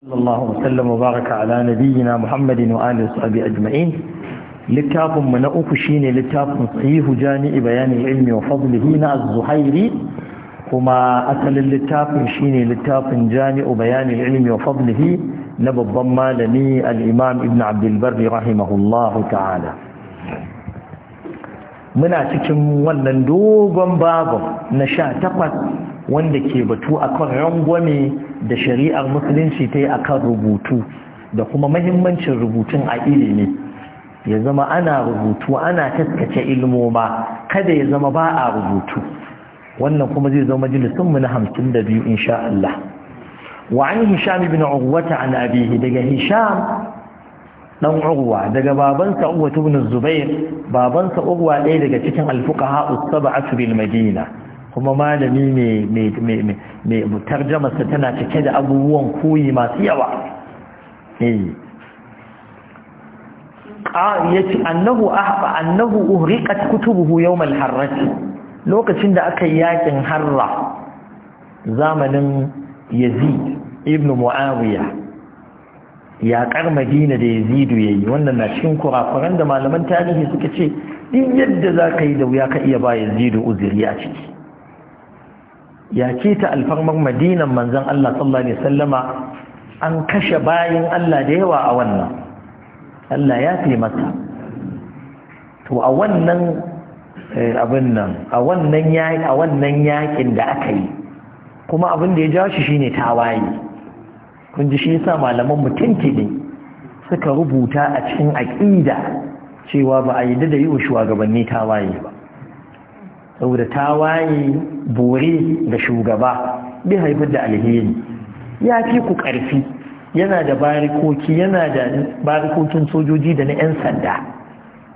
صلى الله وسلم وبارك على نبينا محمد وآله وصحبه أجمعين لتاف من أكشين لتاف صحيح جانع بيان العلم وفضله نا الزهيري كما أتل لتاف شين لتاف جانع بيان العلم وفضله نبض لني الإمام ابن عبد البر رحمه الله تعالى من أتكم ونندوب باب نشاء تقت wanda ke batu akan rangwame da shari'ar musulunci ta yi akan rubutu da kuma mahimmancin rubutun a ilimi ya zama ana rubutu ana taskace ilmoma kada ya zama ba a rubutu wannan kuma zai zama mu na hamsin da biyu insha Allah wa an hisham ibn urwata an abihi daga hisham dan urwa daga babansa urwa ibn zubair babansa urwa ɗaya daga cikin alfuqaha as-sab'atu bil madina kuma malami mai mutarjamarsa tana cike da abubuwan koyi masu yawa eh. ya ce annahu ahba annahu uhriqat kutubuhu yawmal harrat lokacin da aka yi yakin harra zamanin yazid ibn muawiya yaƙar madina da yazidu yayi. wannan na cikin kurakuran da malaman tarihi suka ce in yadda za ka yi da wuya ka iya ba yazidu uzuri a ciki ya ce ta alfarmar madinan manzan Allah sallallahu Alaihi wasallama an kashe bayan Allah da yawa a wannan Allah ya fi mata to a wannan eh, abin nan a wannan a wannan yakin da aka yi kuma abin da ya ja shi shine tawaye kun ji shi yasa malaman mutunci ne suka rubuta a cikin aqida cewa ba a yi da yi wa shugabanni tawaye ba saboda waye bore da shugaba bi haifar da alheri ya fi ku karfi, yana da barikoki yana da barikokin sojoji da na 'yan sanda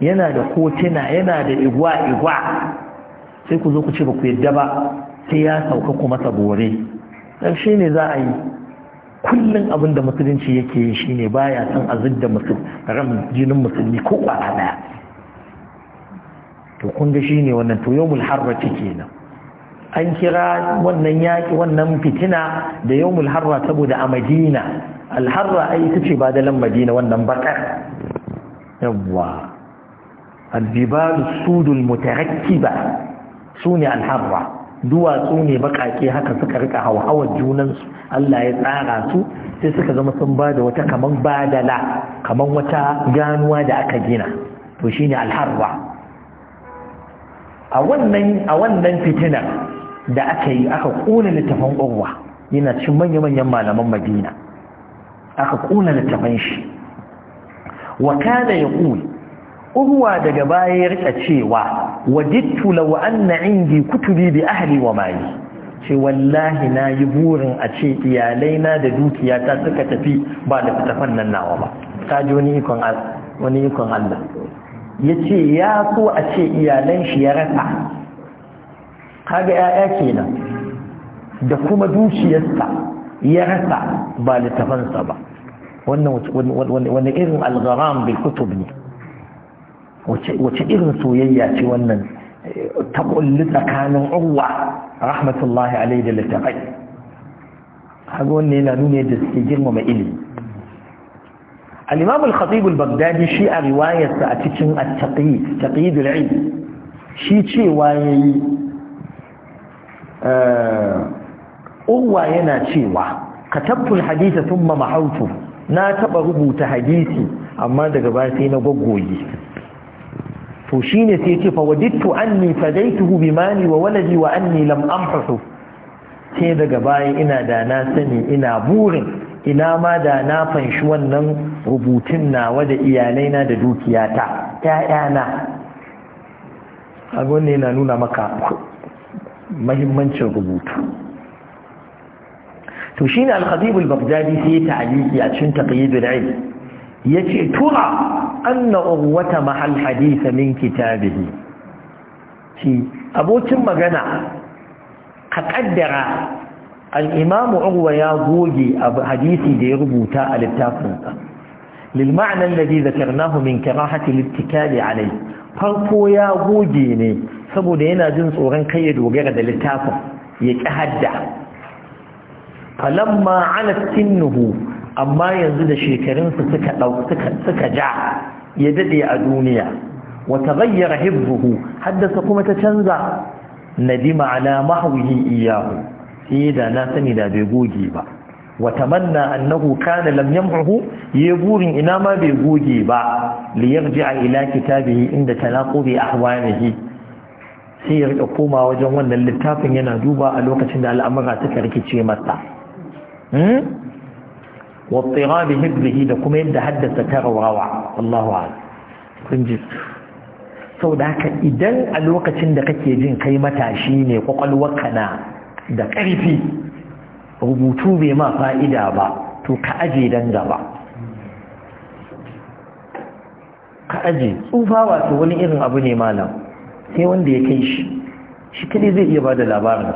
yana da kotuna yana da igwa-igwa sai ku zo ku ce ba ku yadda ba sai ya sauka ku masa bore ƙarshe ne za a yi kullum abin da musulunci yake yi shine baya son a zidda ram jinin musulmi ko a ɗaya to kun shine wannan to yawmul harrati kenan an kira wannan yaki wannan fitina da yawmul harra saboda a Madina al-harra ai tace ba da lan Madina wannan bakar yawwa al-jibal sudul mutarakkiba sune al-harra duwatsu ne bakake haka suka rika hauhawar junansu Allah ya tsara su sai suka zama sun ba da wata kaman badala kaman wata ganuwa da aka gina to shine alharwa a wannan a fitina da aka yi aka kuna littafin urwa yana cin manya-manyan malaman madina aka ƙuna littafin shi wa ya ƙuli urwa daga baya ya rika cewa wajittu law anna ingi kutubi bi ahli wa mali ce wallahi na yi burin a ce na da dukiya ta suka tafi ba da fitafan nan nawa ba Ta ji wani ikon Allah ya ce ya so a ce iyalan shi ya rasa kaga ‘ya'ya kenan da kuma dukiyarsa ya rasa ba littafansa ba wani irin algaram bil kutub ne wace irin soyayya ce wannan ta kulli tsakanin uwa rahmatullahi alai da littafai kaga wannan yana nuna yadda suke girmama ilimi al-imam shi a riwayarsa a cikin at-taqi shi cewa yayi eh, uwa yana cewa katabtul haditha thumma mahawtu na taba rubuta hadisi amma daga baya sai na goggoyi to shine sai yace fa wadittu anni fadaituhu bimali wa waladi wa anni lam amhu sai daga baya ina da na sani ina burin ina ma da na fanshi wannan rubutun nawa da iyalaina da dukiyata ‘ya'yana abin ne na nuna maka mahimmancin rubutu to shi ne alhazibul bagdadi sai ta ta'aliki a cikin taƙayyidul ilm Yace tura an na urwata mahal hadisa min kitabihi shi abokin magana ka ƙaddara al'imamu urwa ya goge hadisi da ya rubuta a littafinsa للمعنى الذي ذكرناه من كراهة الاتكال عليه farko ya goge ne saboda yana jin tsoron kai ya dogara da littafin ya ƙi hadda falamma ala sinnuhu amma yanzu da shekarunsa suka ɗau ja ya dade a duniya Wata wa taghayyara hibbuhu haddasa kuma ta canza nadima ala mahwihi iyahu sai da na sani da bai goge ba manna annahu kana lam yamhu ya burin ina ma bai goge ba li yarji'a ila kitabihi inda talaqubi ahwanihi sai ya rika koma wajen wannan littafin yana duba a lokacin da al'amura suka rikice masa hmm wa tirabi hibbihi da kuma yadda haddasa tarawawa Allahu a'lam kun sau da haka idan a lokacin da kake jin kai matashi ne kwakwalwar na da ƙarfi rubutu bai ma fa'ida ba to ka aje dan gaba ka aje tsufa wato wani irin abu ne malam sai wanda ya kai shi shi kadai zai iya bada labarin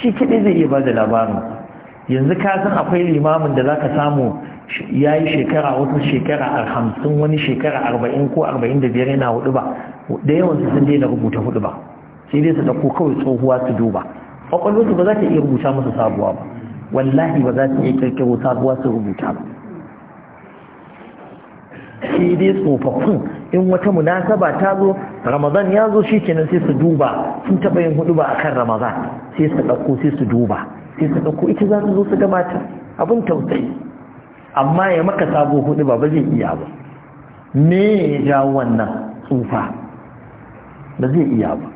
shi kadai zai iya bada labarin yanzu ka san akwai limamin da zaka samu ya yi shekara wata shekara a hamsin wani shekara arba'in ko arba'in da biyar yana hudu ba da su sun daina rubuta hudu ba sai dai su dauko kawai tsohuwa su duba kwakwalwarsu ba za ta iya rubuta masa sabuwa ba wallahi ba za ta iya kirkiro sabuwa su rubuta ba shi dai tsofaffin in wata munasaba ta zo ramadan ya zo shi kenan sai su duba sun taɓa yin hudu ba a kan ramadan sai su ɗauko sai su duba sai su ɗauko ita za su zo su gabata abin tausayi amma ya maka sabo hudu ba ba zai iya ba me ya jawo wannan tsufa ba zai iya ba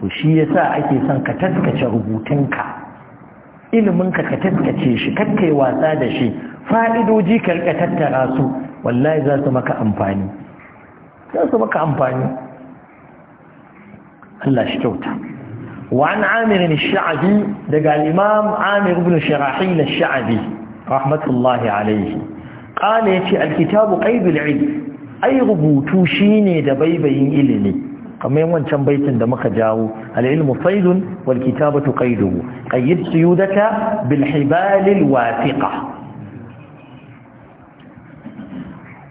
to shi yasa ake son ka taskace rubutunka iliminka ka taskace shi kakkai wasa da shi fa'idoji ka tattara su wallahi za su maka amfani za su maka amfani Allah shi kyauta وعن عامر الشعبي دقى الإمام عامر بن شراحيل rahmatullahi رحمة الله عليه ce alkitabu الكتاب قيد العلم أي غبوتو da baibayin ilimi. kamar wancan baitin da muka jawo al'ilmu ilmu faydun wal kitabatu qayduhu qayyid suyudaka bil hibal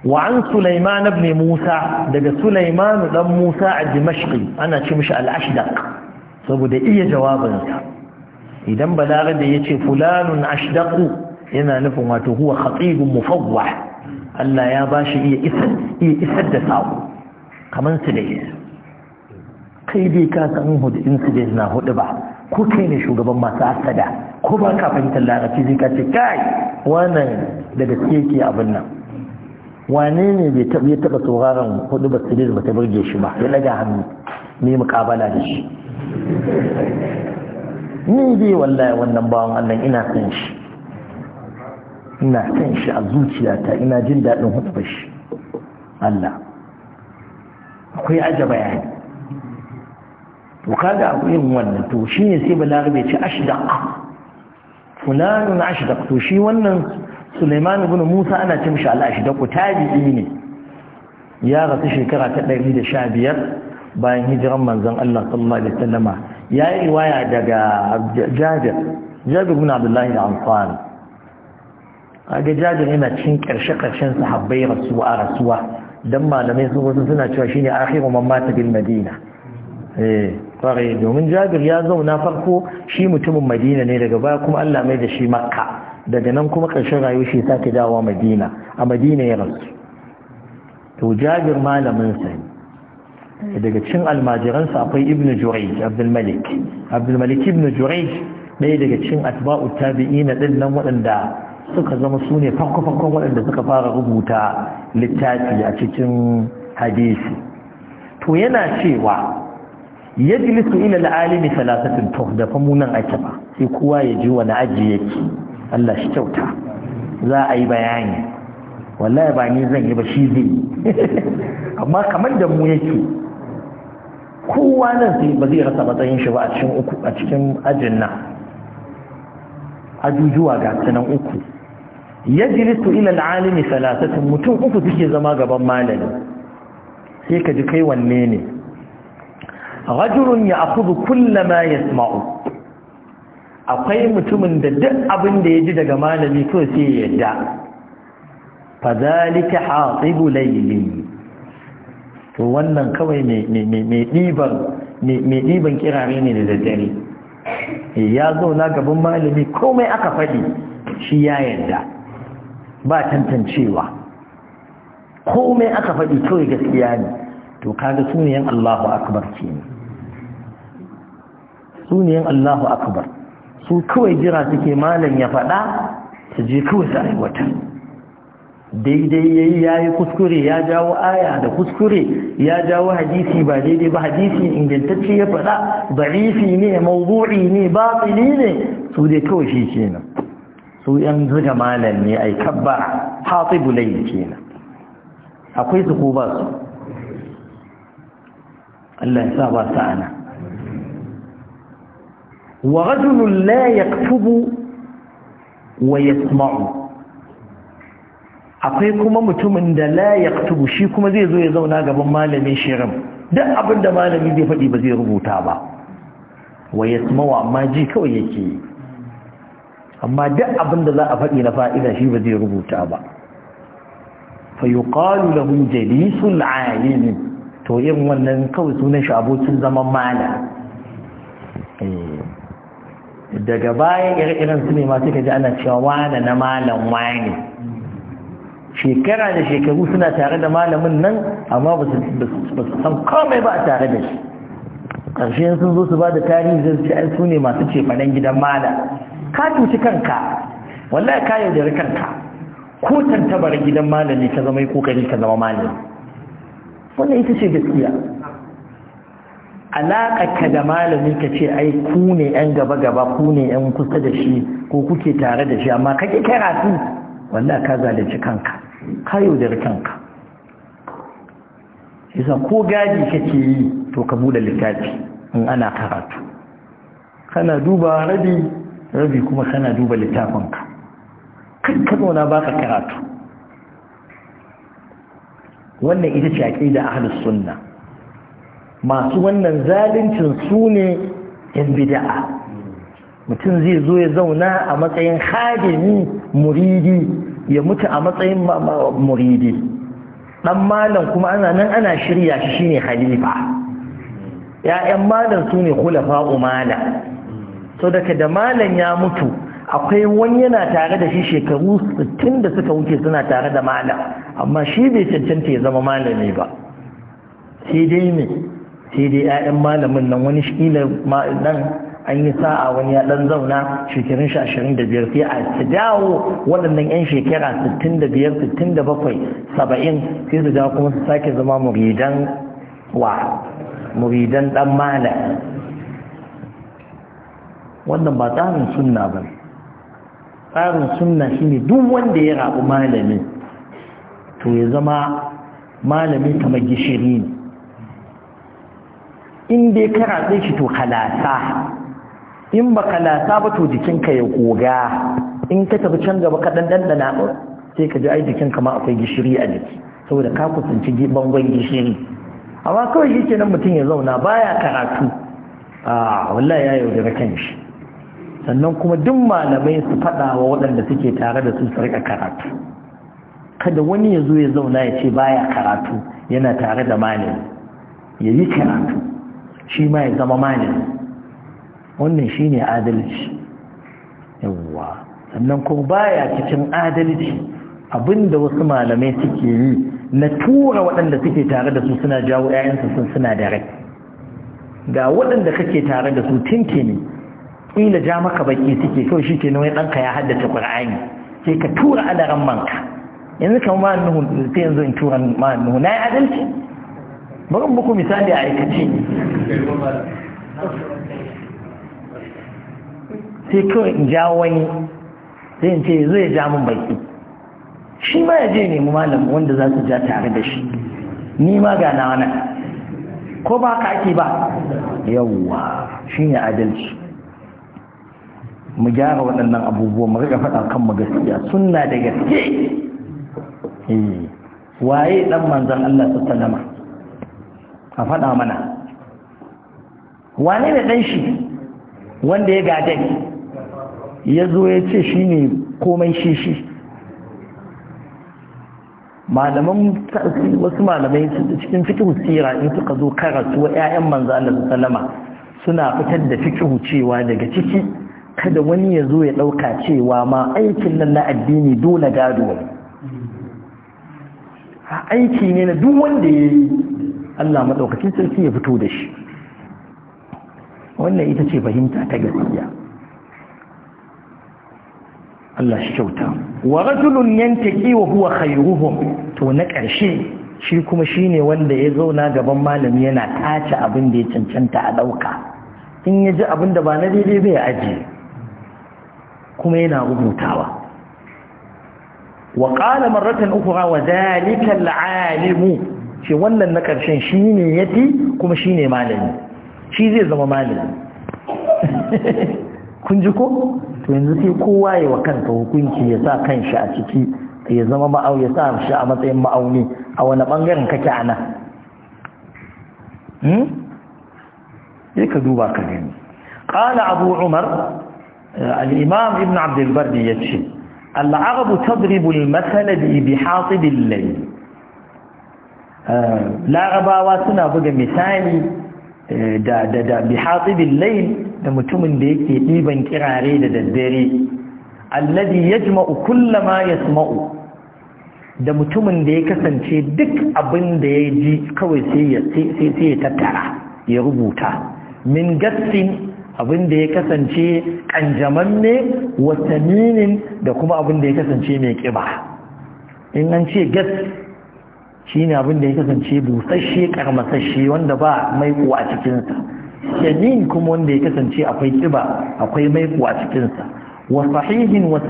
wa an sulaiman ibn musa daga sulaiman dan musa a dimashqi ana ci mashi al-ashdaq saboda iya jawabinsa idan balaga da ya ce fulanun ashdaqu yana nufin wato huwa khatibun mufawwah Allah ya bashi iya isar iya isar da sako kamar su da kai bai ka san hudu incident na hudu ba ko kai ne shugaban masu asada ko ba ka fahimtar larabci zai ka ce kai wannan da gaske ke abin nan wane ne bai taba sauraron hudu ba ne ba ta burge shi ba ya ɗaga hannu ne mukabala da shi ni dai wallahi wannan bawan Allah ina san shi ina san shi a zuciyata ina jin daɗin hudu ba shi Allah akwai aja bayani to kaga abu yin wannan to shi ne sai balarabe ce ashdaq fulanun ashdaq to shi wannan Suleiman ibn Musa ana ce mishi al-ashdaq tabi'i ne ya rasu shekara ta 115 bayan hijiran manzon Allah sallallahu alaihi wasallama yayi riwaya daga Jabir Jabir ibn Abdullah al-Ansari kaga Jabir yana cikin karshe-karshen sahabbai rasuwa rasuwa dan malamai sun suna cewa shine akhiru man mata bil Madina eh kwarai domin jabir ya zauna farko shi mutumin madina ne daga baya kuma allah mai da shi makka daga nan kuma ƙarshen rayuwa shi sake dawowa madina a madina ya rasu to jabir malamin sa daga cin almajiransa akwai ibnu jurej abdulmalik abdulmalik ibnu jurej ɗaya daga cin atba'u tabi'ina ɗin nan waɗanda suka zama su ne farko-farkon waɗanda suka fara rubuta littafi a cikin hadisi to yana cewa yajlisu ila al-alimi thalathatin tuhda fa munan ake ba sai kowa ya ji wani aji yake Allah shi kyauta za a yi bayani wallahi ba ni zan yi ba shi zai amma kamar da mu yake kowa nan sai ba zai rasa matsayin shi ba a cikin uku a cikin ajin nan ajujuwa ga sanan uku yajlisu ila al-alimi thalathatin mutum uku suke zama gaban malami sai ka ji kai wanne ne rajulun ya akudu kullama yasma'u akwai mutumin da duk abin da ya ji daga malami to sai ya yadda zalika hatibu layli to wannan kawai mai ɗiban mai diban kirare ne da daddare ya zauna gaban malami komai aka faɗi shi ya yarda ba tantancewa komai aka faɗi kawai gaskiya ne to kaga sunayen Allahu akbar kenan Su suniyan Allahu akbar su kawai jira suke malam ya faɗa su je kawai su aiwata daidai yayi yayi kuskure ya jawo aya da kuskure ya jawo hadisi ba daidai ba hadisi ingantacce ya faɗa barifi ne mawdu'i ne batili ne su dai kawai shi kenan su yan zuga malam ne ai kabba hatibu layl kenan akwai su ko ba su Allah ya sa ba sa'ana ورجل لا يكتب ويسمع akwai kuma mutumin da la yaktubu shi kuma zai zo ya zauna gaban malamin shirin duk abinda da malami zai faɗi ba zai rubuta ba wa yasmawa amma ji kawai yake amma duk abinda za a faɗi na fa'ida shi ba zai rubuta ba fa yuqalu lahum jalisul alim to irin wannan kawai sunan shi abokin zaman malam eh daga bayan irin iren su ne masu ana cewa wane na malam wane shekara da shekaru suna tare da malamin nan amma ba su san komai ba a tare da shi ƙarshen sun zo su ba da tarihi zai ce ai su ne masu cefanen gidan mala ka cuci kanka wallahi ka yaudari kanka ko tantabar gidan ne ta zama yi kokari ka zama mala wannan ita ce gaskiya alaƙarka da malami ka ce ai ku ne yan gaba gaba ku ne yan kusa da shi ko kuke tare da shi amma kake karatu wallahi ka zalunci kanka ka yaudari kanka yasa ko gadi kake yi to ka bude littafi in ana karatu kana duba rabi rabi kuma kana duba littafinka kan ka zauna baka karatu wannan ita ce aqida ahlus sunna masu wannan zalincin su ne yan bida'a mutum zai zo ya zauna a matsayin hadimi muridi ya mutu a matsayin muridi dan malam kuma ana nan ana shirya shi shine khalifa ya'yan malam su ne khulafa umala so daga da malam ya mutu akwai wani yana tare da shi shekaru 60 da suka wuce suna tare da malam amma shi bai cancanta ya zama malami ba sai dai ne sai dai 'ya'yan malamin nan wani shila nan an yi sa'a wani ya dan zauna shekarun shi ashirin da biyar sai a su dawo waɗannan 'yan shekara sittin da biyar sittin da bakwai saba'in sai su dawo kuma su sake zama muridan wa muridan ɗan malam wannan ba tsarin sunna ba tsarin sunna shine duk wanda ya rabu malami to ya zama malami kamar gishiri ne in dai ka ratse shi to kalasa in ba kalasa ba to jikinka ya goga. in ka tafi can gaba ka dan dandana sai ka ji ai jikinka ma akwai gishiri a jiki saboda ka kusanci bangon gishiri amma kawai shi kenan mutum ya zauna baya karatu a ah, wallahi ya yaudara kan shi sannan kuma duk malamai su faɗa wa waɗanda suke tare da su su riƙa karatu kada wani ya zo ya zauna ya ce baya karatu yana tare da malami ya yi karatu shi ma ya zama mani. wannan shi ne adalci yawwa sannan kuma baya cikin adalci abinda wasu malamai suke yi na tura waɗanda suke tare da su suna jawo 'ya'yansu sun suna da rai ga waɗanda kake tare da su tinke ne ƙila ja maka baƙi suke kawai shi ke nawai ɗanka ya haddace ƙur'ani ke ka tura adaran manka yanzu kama ma'an nuhu sai yanzu in tura ma'an nuhu na yi adalci bari muku misali a aikace sai kawai in ja wani sai ce zai ja min baki shi ma ya je nemi malam wanda za su ja tare da shi ni ma ga na wani ko ba ka ake ba yawwa shi ne adalci mu gyara waɗannan abubuwan mu riga faɗa kan mu gaskiya sunna da gaske eh, waye dan manzan Allah sassanama? a faɗa mana wane ne ɗan shi wanda ya gada ya zo ya ce shi ne komai shi shi malaman wasu malamai cikin fikihu tsira in suka zo karatu wa 'ya'yan manzo Allah sallama suna fitar da fikihu cewa daga ciki kada wani ya zo ya ɗauka cewa ma aikin nan na addini dole gado aiki ne na duk wanda ya yi Allah maɗaukacin sarki ya fito da shi wannan ita ce fahimta ta gaskiya Allah shi kyauta wa rajulun yantaki wa huwa khayruhum to na ƙarshe shi kuma shine wanda ya zauna gaban malami yana tace abin da ya cancanta a ɗauka. in ya ji abin da ba na daidai bai aje kuma yana rubutawa wa qala marratan ukhra wa dhalika al-alimu ce wannan na ƙarshen shi ne ya fi kuma shi ne malami shi zai zama malami kun ji ko to yanzu sai kowa ya wa kanta hukunci ya sa kan shi a ciki ya zama ma'au ya sa shi a matsayin ma'auni a wani ɓangaren kake ana ka duba ka gani ƙana abu umar al'imam ibn abdulbar da ya ce al'arabu tadribul masalabi bi hatsi billahi larabawa suna buga misali eh, da da da hatibil layl da mutumin da yake diban kirare da daddare alladhi yajma'u kullama yasma'u da mutumin da ya kasance duk abin da ya ji kawai sai ya tattara ya rubuta min gassin abin da ya kasance ne wasaninin da kuma abin da ya kasance mai kiba in an ce gas shi ne abin da ya kasance busasshe karmasashe wanda ba kuwa a cikinsa yamin kuma wanda ya kasance akwai kiba akwai kuwa a cikinsa Wasu sahihin wasu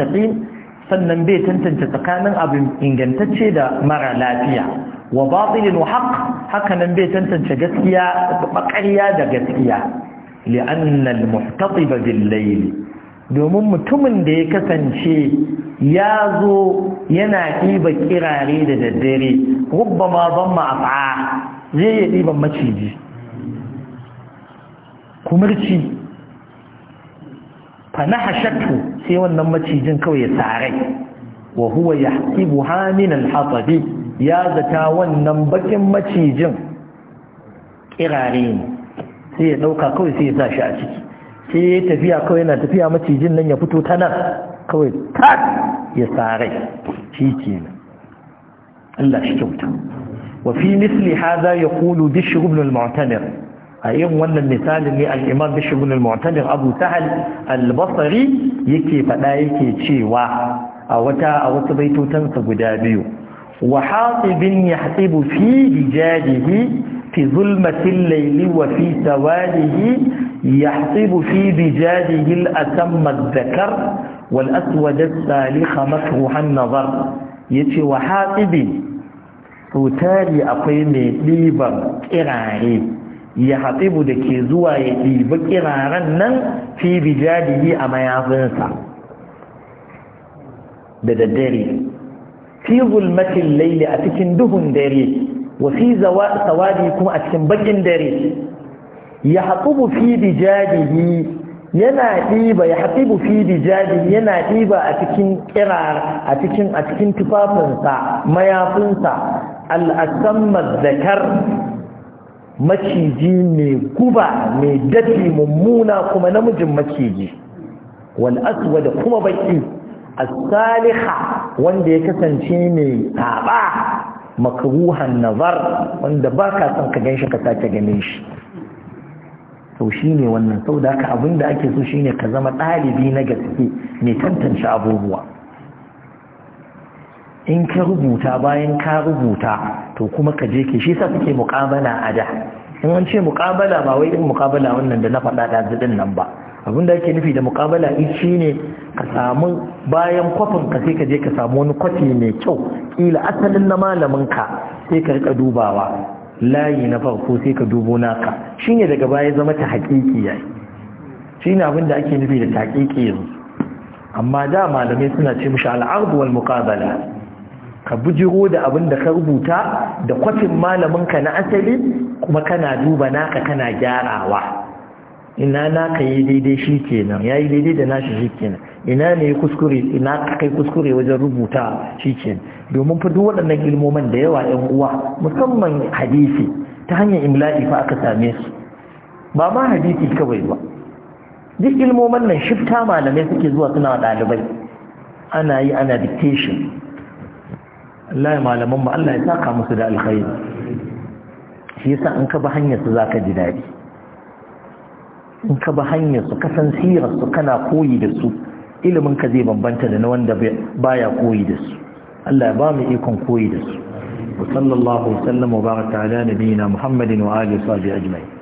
sannan bai tantance tsakanin abin ingantacce da mara lafiya wa batilin wa haka hakanan bai tantance gaskiya da bakariya da gaskiya li'anna al-muhtatib bil layl domin mutumin da ya kasance ya zo yana ɗiba kirare da daddare rubba ma ban ma'afa zai ya ɗiban maciji kumurci fana hashattu sai wannan macijin kawai ya tsarai wa huwa ya haƙi ya zata wannan bakin macijin kirare ne sai ya ɗauka kawai sai ya sa shi a ciki sai ya tafiya kawai yana tafiya macijin nan ya fito ta nan kawai ya shi Allah shi kyauta وفي مثل هذا يقول دش ابن المعتمر اي ولا المثال اللي الإمام دش ابن المعتمر أبو سهل البصري يكي فلا يكي تشيوا أوتا أوتا بيتو تنسى قدابيو وحاطب يحطب في دجاجه في ظلمة الليل وفي سواله يحطب في دجاجه الأتم الذكر wal aswad as-salikha makruhan nazar yace wa hatibi tari akwai mai ɗiban kirare ya hatibu da ke zuwa ya ɗiba kiraren nan fi bijadihi a mayafinsa da daddare fi zulmatin laili a cikin duhun dare wa fi kuma a cikin bakin dare ya hatibu fi bijadihi yana ɗiba ya haɗibu fi dijadi yana ɗiba a cikin ƙirar a cikin a cikin tufafinsa mayafinsa al'asammar zakar maciji mai guba mai dafi mummuna kuma namijin maciji wal aswa da kuma baki as-saliha wanda ya kasance mai taba makruhan nazar wanda baka son ka ganshi ka sake ganin shi sau shi ne wannan sau da haka abin da ake so shi ne ka zama ɗalibi na gaske mai tantance abubuwa in ka rubuta bayan ka rubuta to kuma ka je ke shi sa suke muƙabala a da in an ce muƙabala ba wai irin muƙabala wannan da na faɗa ɗazidin nan ba Abin da ake nufi da mukabala shi ne ka samu bayan kwafin ka sai ka je ka samu wani kwafi mai kyau kila asalin na malamin ka sai ka rika dubawa layi na farko sai ka dubo naka shine daga baya zama ta haƙiƙi yayi shine abin da ake nufi da taƙiƙi yanzu amma da malamai suna ce mushi al'ardu wal muqabala ka bujiro da abin da ka rubuta da kwafin malaminka na asali kuma kana duba naka kana gyarawa ina na ka yi daidai shi kenan ya yi daidai da nashi shi kenan ina ne kuskure ina ka kai kuskure wajen rubuta shi kenan domin fa duk waɗannan ilmomin da yawa yan uwa musamman hadisi ta hanyar imla'i fa aka same su ba ma hadisi kawai ba duk ilmomin nan shifta malamai suke zuwa suna wa ɗalibai ana yi ana dictation Allah ya malaman Allah ya saka musu da alkhairi shi yasa in ka hanyar su zaka ji daɗi in ka ba hanyar su kasan sirar su kana koyi da su ilimin ka zai bambanta da na wanda baya koyi da su Allah ya ba mu ikon koyi da su wa sallallahu wa sallam wa baraka ala nabiyyina Muhammadin wa alihi wa sahbihi ajma'in